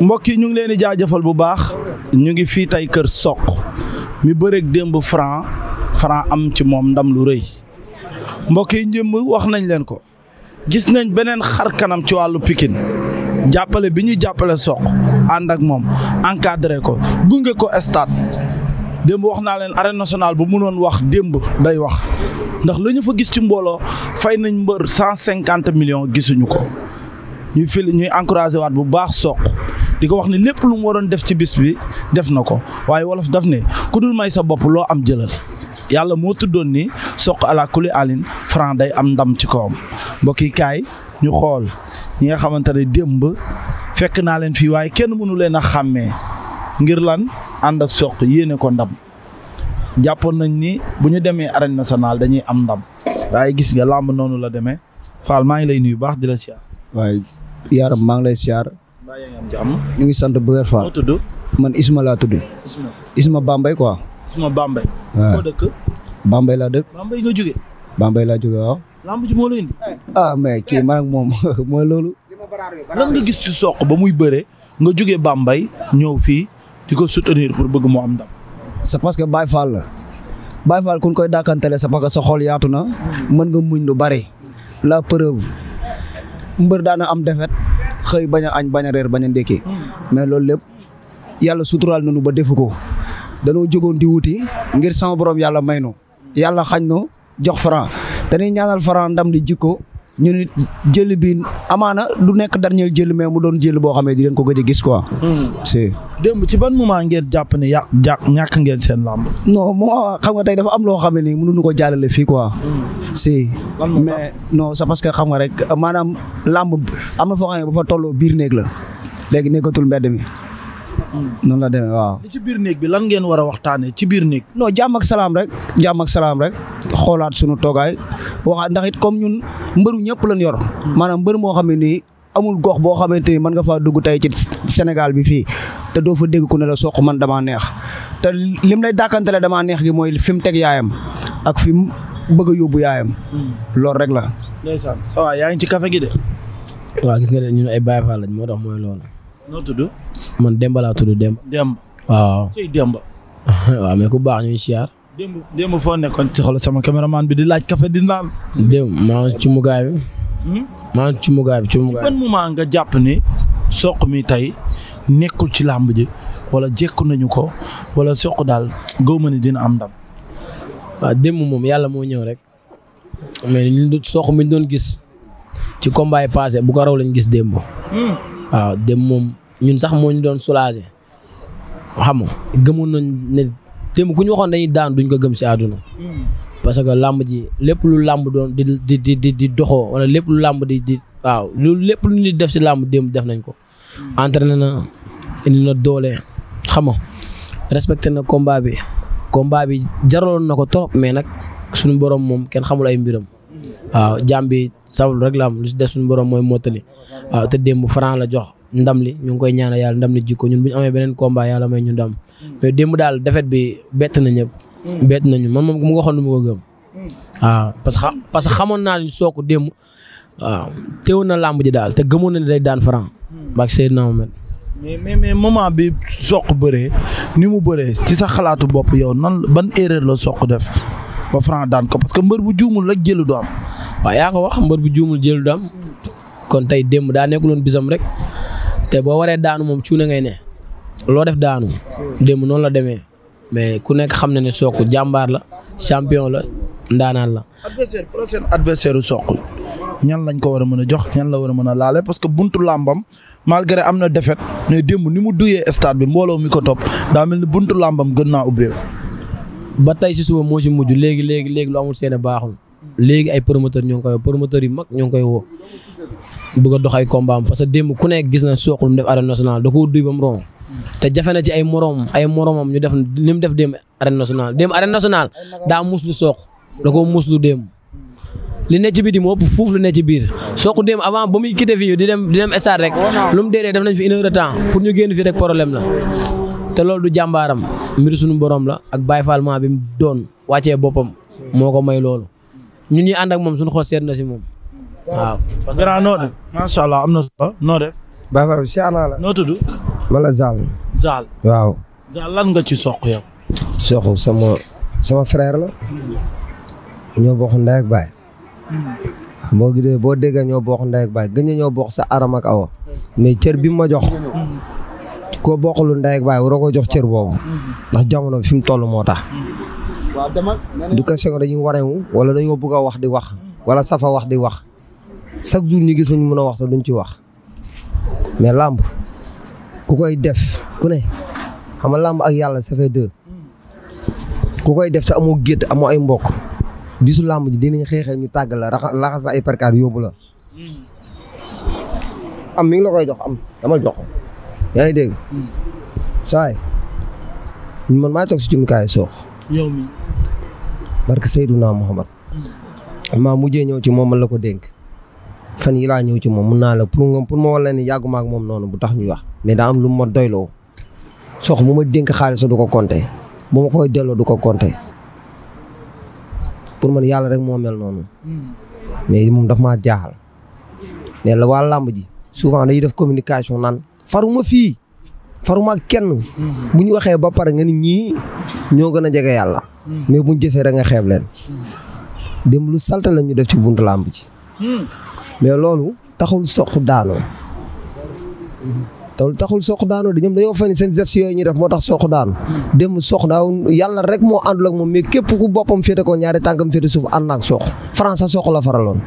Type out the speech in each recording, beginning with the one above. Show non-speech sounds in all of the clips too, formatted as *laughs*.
mbokk yi ñu ngi leen di jaajëfal bu baax ñu ngi fii tey kër soq mi bëreeg démb franc franc am ci moom ndam lu rëy mbokk yi njëmb wax nañ leen ko gis nañ beneen xar kanam ci wàllu pikin jàppale bi ñuy jàppale soq ànd ak moom encadré ko gunge ko stade démb wax naa leen arène nationale bu mënoon wax démb day wax ndax la ñu fa gis ci mbooloo fay nañ mbër cent cinquante millions gisuñu ko ñuy fil ñuy encouragé waat bu baax soq di ko wax ne lépp lu mu waroon def ci bis bi def na ko waaye wolof daf ne ku dul may sa bopp loo am jëlal yàlla moo tuddoon ni soq ala kuli alin Franc day am ndam ci kawam mbokki kaay ñu xool ñi nga xamante ne démb fekk naa leen fii waaye kenn mënu leen a xàmmee ngir lan ànd ak soq yéene ko ndam jàppoon nañ ni bu ñu demee arène nationale dañuy am ndam waaye gis nga làmb noonu la demee Fall maa ngi lay nuyu baax di la siyaar waaye yaaram maa ngi lay siyaar ñu ngi sant bu wér Fall. man Isma laa tudd. Isma Isma Bambey quoi. Isma Bambey. waaw Bambey dëkk. Bambey nga jóge. Bambey laa la indi. ah mais kii man ak moom *laughs* mooy loolu. lan nga gis ci ba muy bëre nga jóge bambay ñëw fii di ko soutenir bëgg mu am ndam. c'est parce que Baye Fall la. Baye Fall kun koy dàkkantele c'est parce que sa xol yaatu na. Hmm. mën nga muñ lu bari. la preuve. mbër daana am defet xëy bañ a añ bañ a reer a ndékki hmm. mais loolu lépp yàlla suturaal nañu ba defu ko danoo jógoon di wuti ngir sama borom yàlla may nu yàlla xañ nu jox Franc dañuy ñaanal Franc ndam li jikko ñu nit jël bi amaana du nekk dernier jël mais mu doon jël boo xamee di leen ko gëj a gis quoi. Hmm. si. démb ci ban moment ngeen jàpp ne yà ñàkk ngeen seen làmb. non moo xam nga tey dafa am loo xam ne nii mënuñu ko jàllale fii quoi. Hmm. si. mais non c'est parce que xam nga rek maanaam làmb am na foo xam ne ba biir néeg la léegi nekkatul mbedd mi. noonu la demee waaw. ci biir néeg bi lan ngeen war a waxtaanee ci biir néeg. noo jàmm ak salaam rek jàmm ak salaam rek xoolaat sunu toogaay waxaat ndax it comme ñun mbëru ñëpp lañ yor. maanaam mbër moo xam ne nii amul gox boo xamante ni mën nga faa dugg tey ci Sénégal bi fii te doo fa dégg ku ne la soq man damaa neex te lim lay dàkkantale damaa neex gi mooy fi mu teg yaayam ak fi mu bëgg a yóbbu yaayam. Hmm. loolu rek la. ndeysaan ça va yaa ngi ci café gi de. waaw gis ne ñun ay Baye lañ moo tax mooy loolu. noo tudd. man Demba laa tudd Demba. Demba waaw. ci *laughs* ku baax ñu ngi siyaar. Demba Demba foo nekkoon ci xol sama caméraman bi di laaj café di naan. Demba maa ci hmm? ci mugaay bi ci nga jàpp ni soq mi tey nekkul ci làmb ji wala jekku nañu ko wala soq daal gëw dina am ndam. moom yàlla moo ñëw rek mais soq mi doon gis ci combat yi bu ko raw lañ gis démb. Hmm. waaw dem moom ñun sax moo ñu doon soulager xam nga gëmoon nañ ne démb ku ñu waxoon dañuy daan duñ ko gëm si àdduna. Hmm. parce que làmb ji lépp lu làmb doon di di di doxoo wala lépp lu làmb di waaw loolu lépp lu ñuy def si làmb démb def nañ ko. Hmm. entraîné na indi na doole xam nga respecté na combat bi combat bi jaraloon na ko trop mais nag sunu borom moom kenn xamul ay mbiram. waaw jàmm bi sabul rek la am lu si des mooy mottali waaw te démb Franc la jox ndam li ñu ngi koy ñaanal yàlla ndam li jikko ñun bu ñu amee beneen combat yàlla may ñu ndam mais démb daal defet bi bett na ñëpp. bett nañu man moom ma ko gëm. waaw parce que parce que xamoon naa ne soo ko démb waaw teewoon na làmb ji daal te gëmoon na ne daan Franc. ak bi soq bëree ni mu bëree ci sa xalaatu bopp yow nan ban erreur la soq def. ba Franc daan ko parce que mbër bu juumul la jëlu du am. waaw yaa ko wax mbër bu juumul jëlu du am kon tey démb daa nekkuloon bisam rek te boo waree daanu moom cuune ngay ne loo def daanu démb noonu la demee mais ku nekk xam ne ne Sokh jàmbaar la champion la ndaanaan la. adversaire prochain adversaire Sokh ñan lañ ko war a mën a jox ñan la war mën a laale parce que buntu làmbam malgré am na defet mais démb ni mu duyee stade bi mbooloo mi ko topp daa mel ni buntu làmbam gën naa ubbeeku. ba tey si suba moo si mujj léegi léegi léegi lu amul seen baaxul léegi ay promoteur ñoo ngi koy woo promoteurs yi mag ñoo ngi koy woo bëgg a dox ay combat parce que démb ku nekk gis na Sokh lu mu def arène nationale te jafe na ci ay moroom ay moroomam ñu def li mu def démb arène nationale démb arène nationale daa muslu Sokh da koo muslu dem li ne ci biti moo ëpp fuuf lu ne ci biir soo ko dem avant ba muy quitté fii di dem di dem stade rek lu mu dee def nañ fi une heure temps pour ñu génn fii rek problème la te loolu du jàmbaaram mbir suñu boroom la ak Baye Fall ma bi mu doon wàccee boppam moo ko may loolu ñun ñi ànd ak moom suñu xol seet na si moom waaw. grand noo def macha allah am na solo noo def. Baye Fall si ana la. noo tudd. wala Zal. Zal waaw. Zal lan nga ci soq yow. soq sama sama frère la. ñoo bokk ndey ak baay. Hmm. boo gisee boo déggee ñoo bokk ndey ak baay gëj ñoo bokk sa aram ak awa. mais cër bi ma jox. Hmm. koo bokkul ndey ak baay waroo ko jox cër boobu mm-hmm. ndax jamono fi mu toll moo tax. Mm-hmm. du question dañuy warewu wala dañoo bëgg a wax di wax wala safa wax di wax chaque jour ñu gis ñu mën a wax te duñ ci wax mais làmb ku koy def ku ne xam làmb ak yàlla ça koy def te amoo gétt ay mbokk bisu làmb di dinañ xeexee ñu tàgg la laxas ay perkaar yóbbu la mm-hmm. am mi ngi am dama jox yaa ngi dégg. saay man maa toog si jumtukaayu soox. yow mi barke Seydina Muhammad mm. maa mujje ñëw ci moom man la ko dénk. fan yi laa ñëw ci moom mun naa la pour nga pour ma wala ni yàggu ak moom noonu bu tax ñuy wax. mais daam am lu ma doyloo. sox bu ma dénk xaalis du ko compter. bu ma koy delloo du ko compter. pour man yàlla rek moo mel noonu. Mm. mais moom daf maa jaaxal. mais la waa làmb ji souvent dañuy def communication naan faruma fii faruma ak kenn. bu ñu waxee ba pare nga ni ñii ñoo gën a jege yàlla. mais bu ñu jëfee rek nga xeeb leen. dem lu salte la ñu def ci buntu làmb ci mais loolu taxul soq daanoo. te taxul soq daanoo de ñoom dañoo fay def moo tax soq daanu. dem soq daaw yàlla rek moo àndul ak moom mais képp ku boppam féete ko ñaari tànkam féete suuf ànd na ak soq. France soq la faraloon.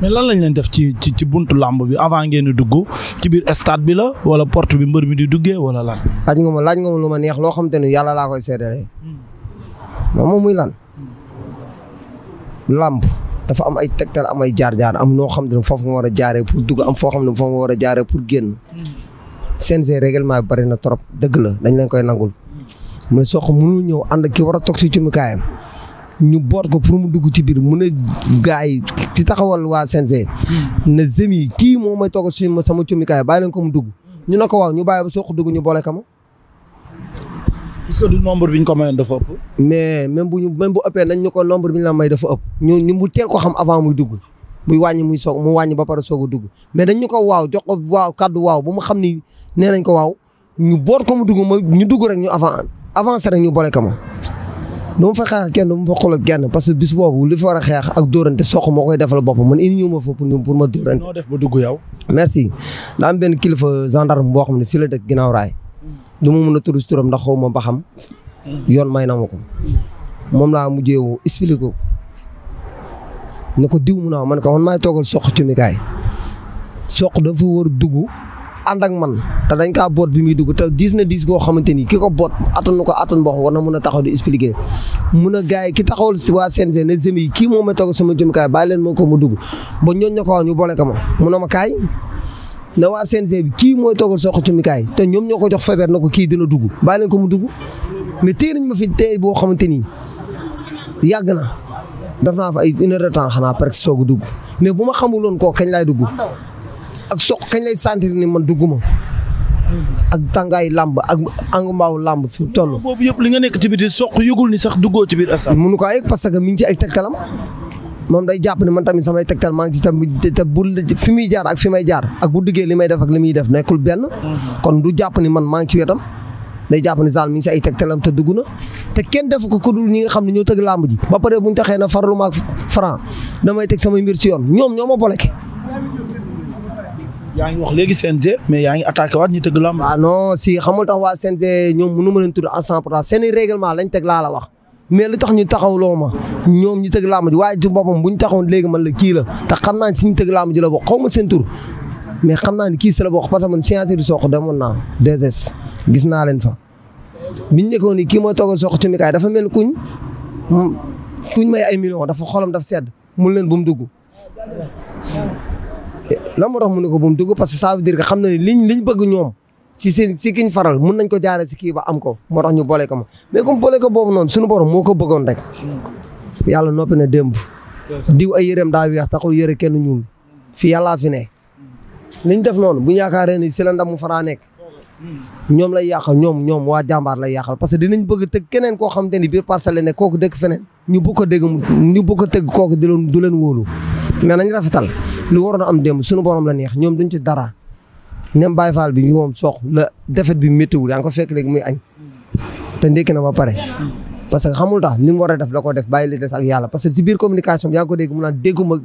mais lan lañ leen def ci ci ci buntu làmb bi avant ngeen di dugg ci biir stade bi la wala porte bi mbër mi di duggee wala lan. laaj nga ma laaj nga ma ma neex loo xam te ne yàlla laa koy seedalee. moom muy lan. làmb dafa am ay tegtal am ay jaar-jaar am noo xam ne foofu nga war a jaaree pour am foo xam ne foofu nga war a jaare pour génn. CNG règlement bi bari na trop dëgg la dañ leen koy nangul. mais soo ko mënul ñëw ànd ki war a toog si cumukaayam ñu boot ko pour mu dugg ci biir mun a gars yi ci taxawal waa CNG na zemi kii moom mooy toog si sama cumikaay bàyyi leen ko mu dugg ñu ne ko waaw ñu bàyyi ba soq dugg ñu boole kama est-ce bi ñu ko mayoon dafa ëpp. mais même bu ñu même bu ëppee nañ ñu ko nombre bi ñu may dafa ëpp ñu ñu mu teel xam avant muy dugg muy wàññi muy soog mu wàññi ba pare soog a dugg mais dañ ñu ko waaw jox ko waaw kàddu waaw ba mu xam ni nee nañ ko waaw ñu boot ko mu dugg ñu dugg rek ñu avant avancé rek ñu boole kama du ma fa xeex kenn du ma fa xool kenn parce que bis boobu li fa a xeex ak dóorante soq moo koy defal boppam man indi ñëw ma fa ma dóorante. noo def yow. merci benn kilifa gendarme boo xam ne fii la dëkk ginnaaw raay. Mm. du ma mën a tudd si turam ndax xaw mm. yoon may na ma ko. Mm. moom laa mujjee woo expliqué ko. ne ko diw mu naaw man ko man maay toogal soq ci mi kaay. soq dafa war a dugg. ànd ak man te dañ kaa boot bi muy dugg te diis na diis goo xamante ni ki ko boot attan na ko attan boo xam war na mën a taxaw di expliquer mun a gars yi ki taxawal waa CNG ne zemi yi kii moo ma toog sama jëmukaay bàyyi leen ko mu dugg ba ñooñ na ko wax ñu boole ko ma mun a ma kaay ne waa CNG kii mooy toogal soq jëmukaay te ñoom ñoo ko jox feebar na ko kii dina dugg bàyyi leen ko mu dugg mais téye nañ ma fi téye boo xamante ni yàgg na def naa fa ay une heure de temps xanaa presque soog a dugg mais bu ma xamuloon ko kañ laay dugg. ak soq kañ lay sentir ni man dugguma ak tàngaay lamb ak engumaawu làmb fi toll. boobu yëpp li nga nekk ci biir soq yëgul ni sax duggoo ci biir instant. mënu ko yëg parce que mi ngi ci ay tegtalam moom day jàpp ne man tamit samay tegtal maa ngi te bu fi muy jaar ak fi may jaar ak bu li may def ak li muy def nekkul benn. kon du jàpp ni man maa ngi ci wetam. day jàpp ni Zal mi ngi si ay tegtalam te dugg na te kenn defu ko ku dul ñi nga xam ne ñoo tëgg làmb ji. ba pare bu ñu taxee na farlu ma ak franc damay teg sama mbir ci yoon ñoom ñoo ma boleke yaa ngi wax léegi CNG mais yaa ngi attaqué waat ñu tëgg lamb. waaw ah non si tax waa CNG ñoom mënu ma leen tudd à cent pour cent seen i règlement lañ teg laa la wax. mais li tax ñu taxawloo ma ñoom ñu tëgg lamb ji waaye ci boppam bu ñu taxawoon léegi man la kii la te xam naa ñu tëgg lamb ji la bokk xaw ma seen tur mais xam naa ne kii si la bokk parce que man science du soq demoon naa DSS gis naa leen fa. biñ nekkoon ni kii moo toogal soq ci mikaay dafa mel kuñ kuñ may ay millions dafa xolam dafa sedd mun leen bu mu dugg lan moo tax mu ne ko bu mu dugg parce que ça veut dire que xam na ne liñ liñ bëgg ñoom ci seen ci kiñ faral mun nañ ko jaaree si kii ba am ko moo tax ñu boole ko ma mais comme boole ko boobu noonu suñu borom moo ko bëggoon rek. yàlla noppi na démb. diw ay yëreem daa weex taxul yëre kenn ñuul fi yàllaa fi ne. liñ def noonu bu ñu yaakaaree ni si la mu faraa nekk. ñoom lay yàqal ñoom ñoom waa jàmbaar lay yàqal parce que dinañ bëgg tëgg keneen koo xamante ni biir parcelle la ne kooku dëkk feneen. ñu bu ko dégg ñu ko tëgg kooku di du leen wóolu. mais nañ rafetal lu waroon a am démb suñu borom la neex ñoom duñ ci dara nem Baye Fall bi ñu moom sox la defet bi méttiwul yaa ngi ko fekk léegi muy añ te ndékki na ba pare. parce que xamul tax ni mu war a def la ko def bàyyi li des ak yàlla parce que ci biir communication bi yaa ngi ko dégg mu naan dégguma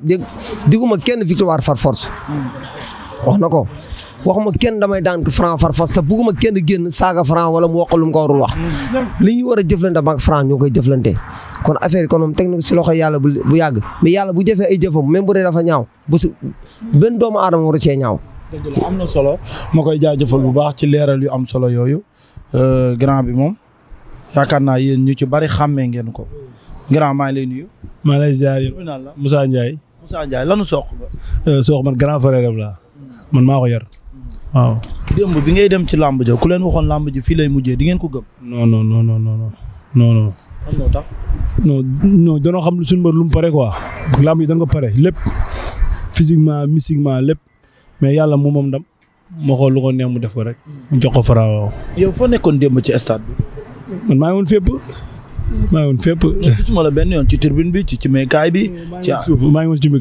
dégguma kenn victoire far force. wax na ko. waxuma kenn damay daan ko franc far fas te bugguma kenn génn saaga franc wala mu wax lu mu ko warul wax. li ñu war a jëflante ak franc ñu ngi koy jëflante kon affaire yi kon moom teg na ko si loxo yàlla bu bu yàgg mais yàlla bu jëfee jëfam même bu dee dafa ñaaw bu si benn doomu aadama war a cee ñaaw. dëgg la am na solo ma koy jaajëfal bu baax ci leeral yu am solo yooyu euh, grand bi moom yaakaar naa yéen ñu ci bari xàmmee ngeen ko grand maa ngi lay maa lay ziar Moussa Ndiaye. Moussa Ndiaye lanu soq. Euh, soq man grand frère am laa man maa ko yar. waaw démb bi ngay dem ci làmb ja ku leen waxoon làmb ji fii lay mujjee di ngeen ko gëm. non no non non non non tax. non non danoo xam suñu mbër lu mu pare quoi. làmb ji dañ ko pare lépp physiquement mystiquement lépp mais yàlla mu moom ndam moo xool lu ko mu def ko rek. jox ko Fra waaw. yow foo nekkoon démb ci stade bi. man maa ngi woon fépp. maa ngi woon la benn yoon ci tribune bi ci cimekaay bi. ci bi.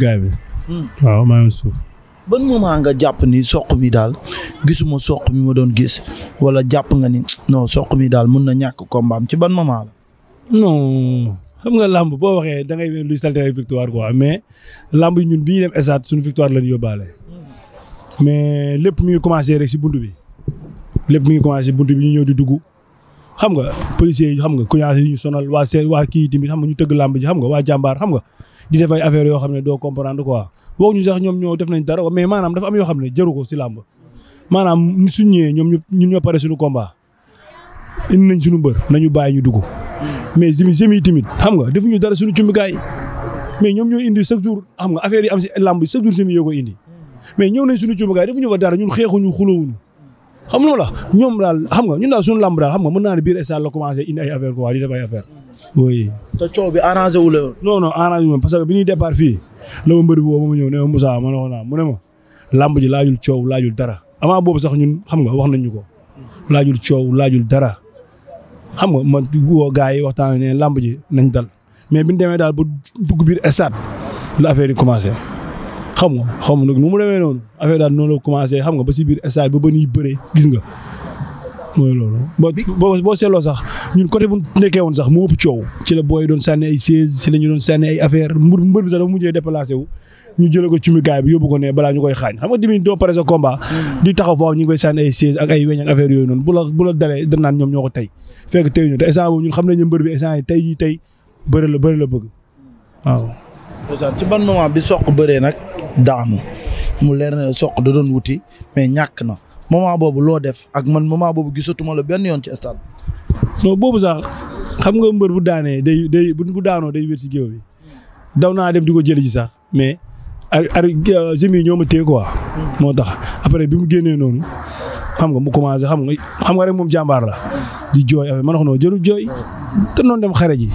Hmm. waaw maa ngi suuf. ban moment nga jàpp ni soq mi daal gisuma soq mi ma doon gis wala jàpp nga ni non soq mi daal mun na ñàkk kombaam ci ban moment la. non xam nga làmb boo waxee da ngay mel luy salté victoire quoi mais làmb yi ñun bi ñuy dem stade suñu victoire la ñu yóbbaale. mais lépp mi ngi commencé si bunt bi lépp mi ngi bi ñu ñëw di dugg. xam nga policiers yi xam nga kuyaas yi ñu sonal waa seen waa kii tamit xam nga ñu tëgg làmb ji xam nga di def ay yoo xam ne doo comprendre quoi. ñu sax ñoom ñoo def nañ dara mais maanaam dafa am yoo xam ne jëru ko si làmb maanaam suñ ñëwee ñoom ñun ñoo pare suñu combat indi nañ suñu mbër nañu bàyyi ñu dugg mais jimi jimi timit xam nga defuñu dara suñu cumbikaay mais ñoom ñoo indi chaque jour am si làmb chaque jour jimi yoo indi mais ñëw nañ suñu cumbikaay defuñu fa dara ñun xeexuñu xulowuñu xam nga la ñoom daal xam nga ñun daal suñu làmb daal xam nga mën naa biir stade la commencé indi ay affaire quoi di def ay affaire oui. te coow bi arrangé wu la. parce que bi ñuy départ fii la ma woo ma ma ñëw ne ma Moussa ma ne mu ne ma làmb ji laajul coow laajul dara avant boobu sax ñun xam nga wax nañ ñu ko laajul coow laajul dara xam nga man woo gars yi waxtaan ne làmb ji nañ dal mais bi ñu demee daal ba dugg biir stade la affaire yi commencé xam nga xam nga nag nu mu demee noonu affaire daal noonu la commencé xam ba si biir stade ba ba nii bëree gis nga mooy loolu boo boo seetloo sax ñun côté bu nekkee woon sax mu ëpp coow ci la booy doon sànni ay chaise ci la ñu doon sànni ay affaire mbër mbër bi sax dafa mujjee déplacé wu ñu jëlee ko ci gaay bi yóbbu ko ne balaa ñu koy xaañ xam nga dimi doo pare sa combat mm. di taxaw foofu ñu ngi koy sànni ay chaise ak ay weñ ak yooyu noonu bu la dalee da ñoom ñoo ko tey fekk tey ñu te instant boobu ñun xam nañu mbër bi instant yi tey jii tey la bëri la bëgg waaw ci ban moment bi soq bëree nag daanu mu leer na soq da doon wuti mais ñàkk na moment boobu loo def ak man moment boobu gisatuma la benn yoon ci stade non boobu sax xam nga mbër bu daanee day day bu daanoo day wér si géew bi daw naa dem di ko jëli ji sax mais a euh, jëmi ñoo ma téye quoi moo tax après bi mu génnee noonu xam nga mu commencé xam nga xam nga rek moom jàmbaar la di jooy affaire man wax noo jëru jooy te noonu dem xare ji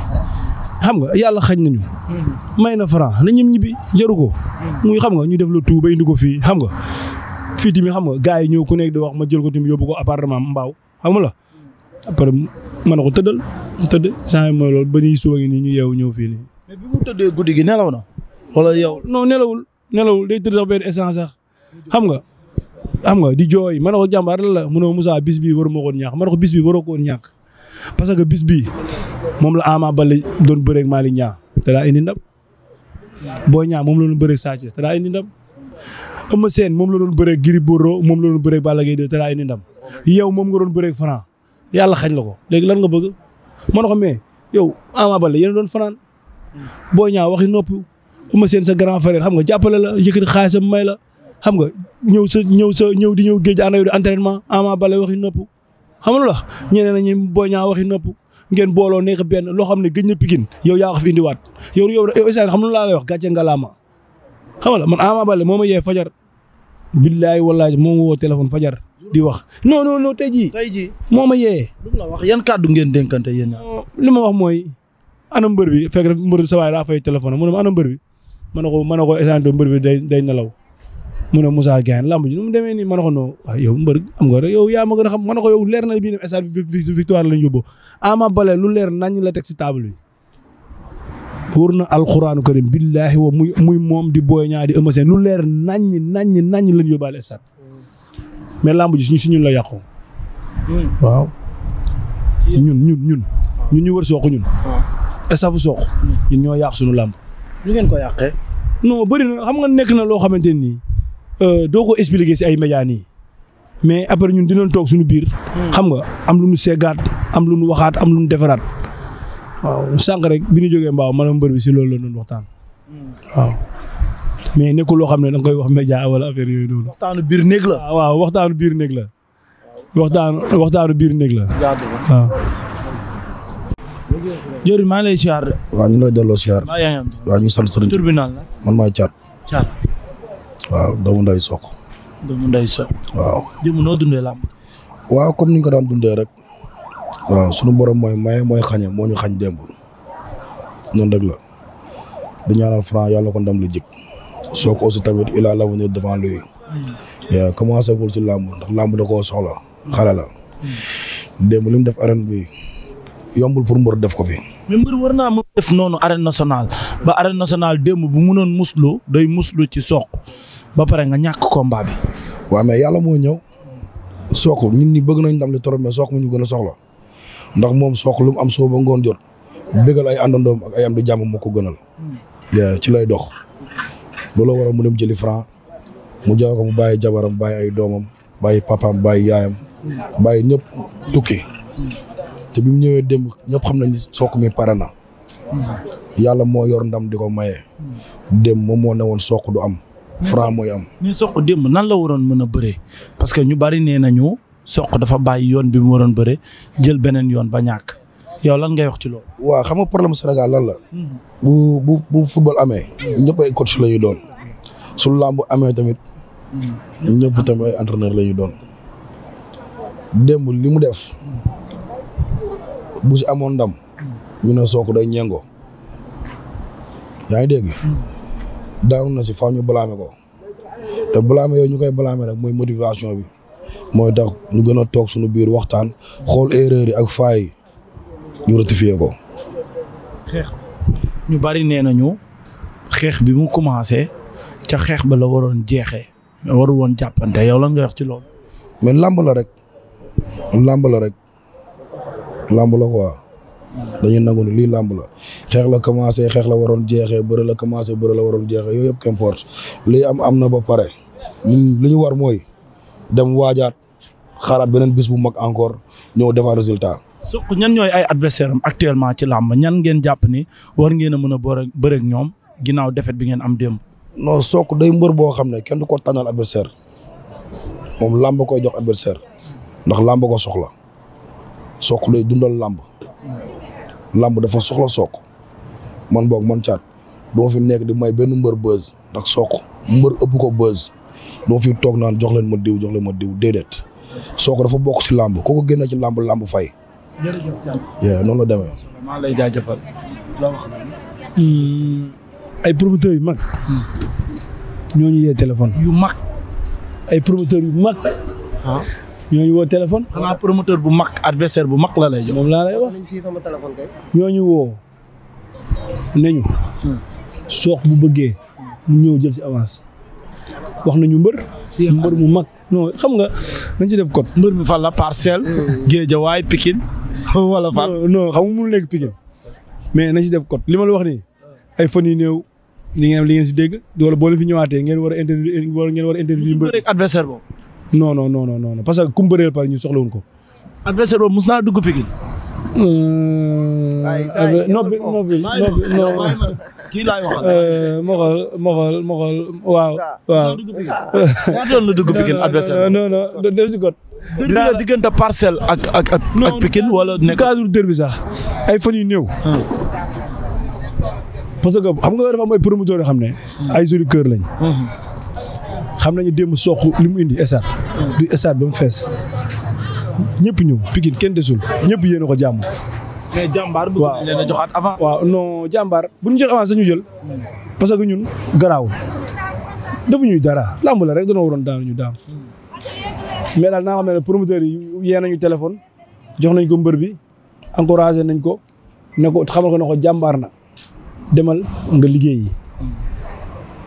xam nga yàlla xañ nañu may na franc na ñim ñibbi jëru ko muy xam nga ñu def la tout ba indi ko fii xam nga fii tamit xam nga gars yi ñëw ku nekk di wax ma jël ko tamit yóbbu ko appartement mbaaw xam nga la. après mën na ko tëddal tëdd changement mooy loolu ba nii suba nii ñu yew ñëw fii nii. mais bi mu guddi gi nelaw na. wala yow non nelawul nelawul day tëdd sax benn xam nga. xam nga di jooy mën na jàmbaar la mu ne Moussa bis bii waru ma ko man mën na ko bis bii waroo ko ñàkk parce que bis bii moom la Ama Baldé doon bëreeg Malick ñaa te daa indi ndam. Boy moom loolu doon bëreeg Sa Thiès te Eumeu Sène moom la doon bëreeg Gris Bordeaux moom la doon bëreeg Balla Gaye 2 te ndam yow moom nga doon bëreeg Franc yàlla xañ la ko léegi lan nga bëgg ma ne ko mais yow Ama bala yéen doon fanaan boo ñaa waxi noppi Eumeu seen sa grand frère xam nga jàppale la yëkkati xaalisam may la xam nga ñëw sa ñëw sa ñëw di ñëw géej ànd ak di entraînement Ama Baldé waxi noppi xam nga lu wax ñeneen ñi boo ñaaw waxi noppi ngeen booloo nekk benn loo xam ne gëj na Pikine yow yaa ko indiwaat yow yow yow xam nga laa lay wax gàcce ngalaama xam nga man Ama Baldé moo ma yee fajar. billaay wallaay moo ma woo téléphone fajar di wax non non non tey jii. tey jii moo ma yee. lu la wax yan kàddu ngeen dénkante yéen ñaar. li ma wax mooy. ana mbër bi fekk mbër sa waay daa fay téléphone mu ne ma ana mbër bi ma ne ko ma ne ko échantillon mbër bi day day nelaw. mu ne Moussa Gueye lamb ji nu mu demee nii ma ne ko non waaw ah, yow mbër am nga rek yow yaa ma gën a xam ma ne ko yow leer na bii dem stade victoire lañ yóbboo Ama Baldé lu leer nañ la teg si table bi. wóor na alxuraanu karim billaahi wa muy muy moom di booy di Eumeu lu leer naññ naññ naññ lañ yóbbaale stade mais làmb ji suñu si ñun waaw. ñun ñun ñun ah. ñu wër soq ñun. estaf ah. soq. Hmm. ñun ñoo yàq suñu làmb. ñu ngeen ko yàqee. non bari na xam nga nekk na loo xamante nii euh, doo ko expliquer si ay médias nii mais après ñun dinañ toog suñu biir. Hmm. xam nga am lu ñu seggaat am lu ñu waxaat am lu ñu defaraat. waaw sànq rek bi ñu jógee mbaaw maanaam mbër loolu la doon waxtaan waaw mais nekkul loo xam ne da nga koy wax média wala affaire yooyu noonu. waxtaanu biir néeg la. Ah, waaw waxtaanu biir néeg la. waxtaanu waxtaanu biir néeg la. waaw. Ah. maa ngi lay siyaar. waaw ñu ngi lay delloo siyaar. waaw ñu ngi sant sëriñ. tur bi naan la. man maay Thiat. Thiat. waaw doomu nday Sokh. waaw. dundee làmb. waaw comme ni nga ko daan dundee rek. waaw sunu borom mooy maye mooy xañe moo ñu xañ démb noonu rek la di ñaanal Franc yàlla ko ndam li jik soo ko aussi tamit il hmm. commencé gul ci làmb ndax làmb da koo soxla xale la. Hmm. démb li def arène bi yombul pour mbër def ko fi. mais mbër war naa mën def noonu arène nationale ba arène nationale démb bu munoon musloo day muslu ci soq ba pare nga ñàkk ko bi. waaw mais yàlla moo ñëw soq ñun ñi bëgg nañ ndam li trop mu ñu gën a soxla. ndax moom sook lu mu am soo ba ngoon jot bégal ay àndandoom ak ay am di jàmm moo ko gënal. ci lay dox looloo waral mu dem jëli franc mu jaw ko mu bàyyi jabaram bàyyi ay doomam bàyyi papaam bàyyi yaayam bàyyi ñëpp tukki te bi mu ñëwee démb ñëpp xam nañ Sokh mi pare na yàlla moo yor ndam di ko maye démb moom moo ne sook du am franc mooy am. mais Sokh démb nan la waroon mën a bëree parce que ñu bari nee soq dafa bàyyi yoon bi mu waroon bëre jël beneen yoon ba ñàkk yow lan ngay wax ci loolu. waaw xam nga problème Sénégal lan la. Hmm. bu bu bu football amee. ñëpp ay coach la ñuy doon. su làmb amee tamit. Hmm. ñëpp tamit ay entraîneur la doon. démb li mu def. bu si amoon ndam. Hmm. ñu ne sook day ñeengo. yaa ngi dégg. daanu na si faaw ñu blâmer ko. te blâmer yooyu ñu koy blâmer rek mooy motivation bi. mooy tax ñu gën a toog sunu biir waxtaan xool erreur yi ak faay yi ñu rectifier ko. xeex ñu bari nee nañu xeex bi mu commencé ca xeex ba la waroon jeexee waru woon jàppante yow lan ci loolu. mais làmb la rek làmb la rek làmb la quoi dañuy nangu ni lii làmb la xeex la commencé xeex la waroon jeexee bëre la commencé bëre la waroon jeexee yooyu yëpp qu'importe lii am am na ba pare li ñu war mooy. dem waajaat xaaraat beneen bis bu mag encore ñëw defar résultat. suq ñan ñooy ay adversaire am actuellement ci làmb ñan ngeen jàpp ni war ngeen a mën a boore bëreeg ñoom ginnaaw defet bi ngeen am démb. no sook day mbër boo xam ne kenn du ko tànnal adversaire moom làmb koy jox adversaire ndax làmb ko soxla sook day dundal làmb làmb dafa soxla sook man boog man caat du fi nekk di may benn mbër buzz ndax sook mbër ëpp ko buzz doo fi toog naan jox leen ma diw jox leen ma diw déedéet soo ko dafa bokk si làmb kooku génne ci làmb làmb fay. jërëjëf Thiam. noonu la demee. maa lay jaajëfal. loo wax hmm. ay promoteurs yu mag. Hmm. ñoo ñu téléphone. yu mag. ay promoteurs yu mag. Ah. ñooñu woo téléphone. xanaa promoteur bu mag adversaire bu mag la lay moom laa lay wax ñooñu woo nañu. Hmm. Sokh bu bëggee mu ñëw jël si avance. wax nañu mbër. mbër mu mag non xam nga nañ ci def code. mbër mi fan la parcelle. géejawaay Pikine. wala fan non xam nga mënul nekk Pikine. mais nañu def code li ma la wax nii. ay fon yu néew li ngeen li ngeen si dégg wala boo fi ñëwaatee ngeen war a interview wala ngeen war a interview. mbër rek adversaire boobu. non non non parce que ku mu bëreel pare ñu soxlawuñ ko. adversaire boobu mos naa dugg Pikine. nobbi nobbi nobbi kii laay waxal moxol moxol moxol waaw waaw ñaata *laughs* yoon la dugg Pikine adversaire non non def si got dina la diggante parcelle ak ak ak ak Pikine wala nekk cadre derby sax ay fan yu néew ah. parce que xam nga dafa am ay promoteur yoo xam ne ah. ay joli cœur lañ ah. xam nañu démb soq li mu indi esat du esat ba mu fees ñëpp ñëw Pikine kenn desul ñëpp yéen ko jàmm. mais jàmbaar bëgg joxaat avant. waaw non bu ñu jox avance ñu jël parce que ñun garaawul defuñuy dara lamb la rek dañoo waroon daanu ñu daanu. mais daal naa xam ne promoteurs yi yee nañu téléphone jox nañ ko mbër bi encouragé nañ ko ne ko xamal ko ne ko jàmbaar na demal nga liggéey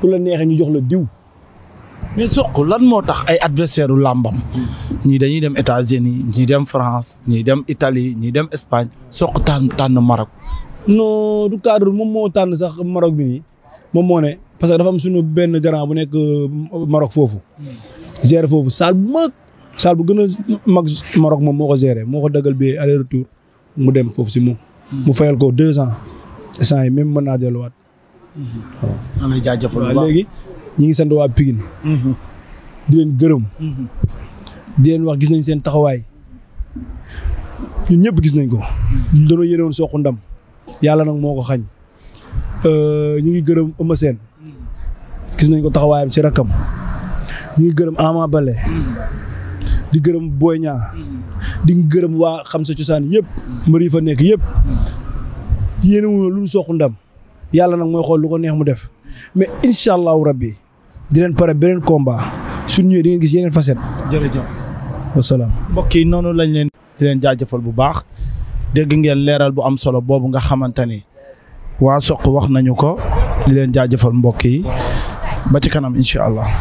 ku hmm. la neexee ñu jox la diw. mais soq lan moo tax ay adversaire u làmbam ñii dañuy dem États-Unis ñii dem France ñii dem Italie ñii dem Espagne soq tànn tànn Maroc. non du cadre moom moo tànn sax Maroc bi nii moom moo ne parce que dafa am suñu benn grand bu nekk euh, Maroc foofu. gérer foofu salle bu mag salle bu gën a mag Maroc moom moo ko gérer moo ko daggal bee aller mu dem foofu si moom. mu fayal ko deux ans. instant yi même mën naa delluwaat. waaw léegi. ñi ngi sant waa Pikine mhm. leen gërëm mhm. di leen wax gis nañ seen taxawaay ñun ñëpp gis nañ ko mhm. dañoo yéene woon soxu ndam yàlla nag moo ko xañ euh, ñu ngi gërëm Eumeu Sène gis nañ ko taxawaayam ci rakkam ñu gërëm Ama bale di gërëm Boy ñaa di gërëm waa xam sa cosaan yëpp mbër yi fa nekk yëpp yéene woon lu ñu soxu ndam yàlla nag mooy xool lu ko neex mu def mais incha allahu rabbi di leen pare beneen komba suñ ñëwee di ngeen gis yeneen facette. jërëjëf. wasalaam. mbokk yi noonu lañ leen di leen jaajëfal bu baax dégg ngeen leeral bu am solo boobu nga xamante ni waa soq wax nañu ko di leen jaajëfal mbokk yi ba ci kanam incha allah.